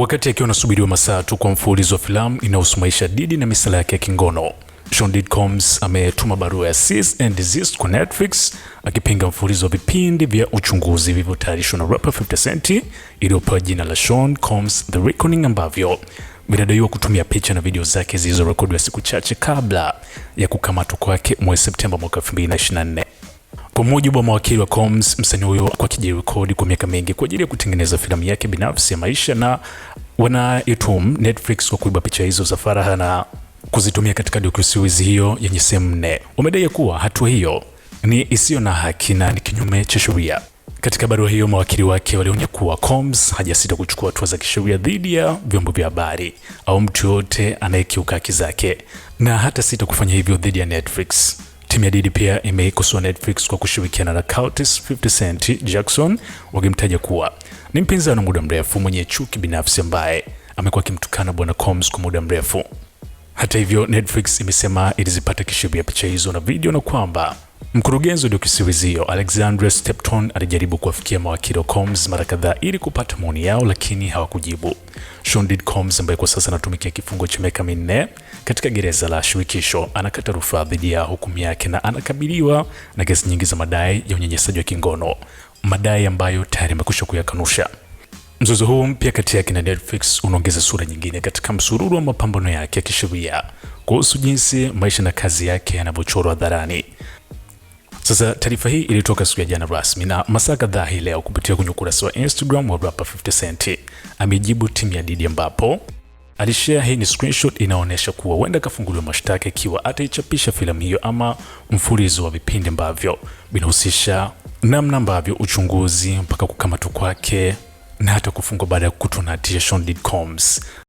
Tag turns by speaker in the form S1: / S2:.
S1: Wakati akiwa anasubiriwa masaa tu kwa mfululizo wa filamu inahusu maisha Diddy na misala yake ya kingono, Sean Diddy Combs ametuma barua ya cease and desist kwa Netflix akipinga mfululizo wa vipindi vya uchunguzi vilivyotayarishwa na rapper 50 Cent iliyopewa jina la Sean Combs The Reckoning ambavyo vinadaiwa kutumia picha na video zake zilizorekodiwa siku chache kabla ya kukamatwa kwake mwezi Septemba mwaka 2024. Kwa mujibu wa mawakili wa Combs, msanii huyo kwa kijirekodi kwa miaka mingi kwa ajili ya kutengeneza filamu yake binafsi ya maisha, na wanaituhumu Netflix kwa kuiba picha hizo za faraha na kuzitumia katika docu-series hiyo yenye sehemu nne. Wamedai kuwa hatua hiyo ni isiyo na haki na ni kinyume cha sheria. Katika barua hiyo, mawakili wake walionya kuwa Combs hajasita kuchukua hatua za kisheria dhidi ya vyombo vya habari au mtu yoyote anayekiuka haki zake, na hata sita kufanya hivyo dhidi ya Netflix. Timu ya Diddy pia imeikosoa Netflix kwa kushirikiana na Curtis 50 Cent Jackson, wakimtaja kuwa ni mpinzani wa muda mrefu mwenye chuki binafsi ambaye amekuwa akimtukana Bwana Combs kwa muda mrefu. Hata hivyo, Netflix imesema ilizipata kisheria picha hizo na video na kwamba Mkurugenzi wa kisiwizio Alexandre Stepton alijaribu kuwafikia mawakili wa Combs mara kadhaa ili kupata maoni yao, lakini hawakujibu. Shondid Combs ambaye kwa sasa anatumikia kifungo cha miaka minne katika gereza la shirikisho anakata rufaa dhidi ya hukumu yake na anakabiliwa na kesi nyingi za madai ya unyanyasaji wa kingono, madai ambayo tayari amekwisha kuyakanusha. Mzozo huu mpya kati yake na Netflix unaongeza sura nyingine katika msururu wa mapambano yake ya kisheria kuhusu jinsi maisha na kazi yake yanavyochorwa hadharani. Sasa taarifa hii ilitoka siku ya jana rasmi na masaa kadhaa hii leo kupitia kwenye ukurasa wa Instagram wa rapa 50 Cent amejibu timu ya Diddy ambapo alishare hii ni screenshot inaonyesha kuwa huenda akafunguliwa mashtaka ikiwa ataichapisha filamu hiyo ama mfululizo wa vipindi ambavyo vinahusisha namna ambavyo uchunguzi mpaka kukamatwa kwake na hata kufungwa baada ya kukutwa na hatia Sean Combs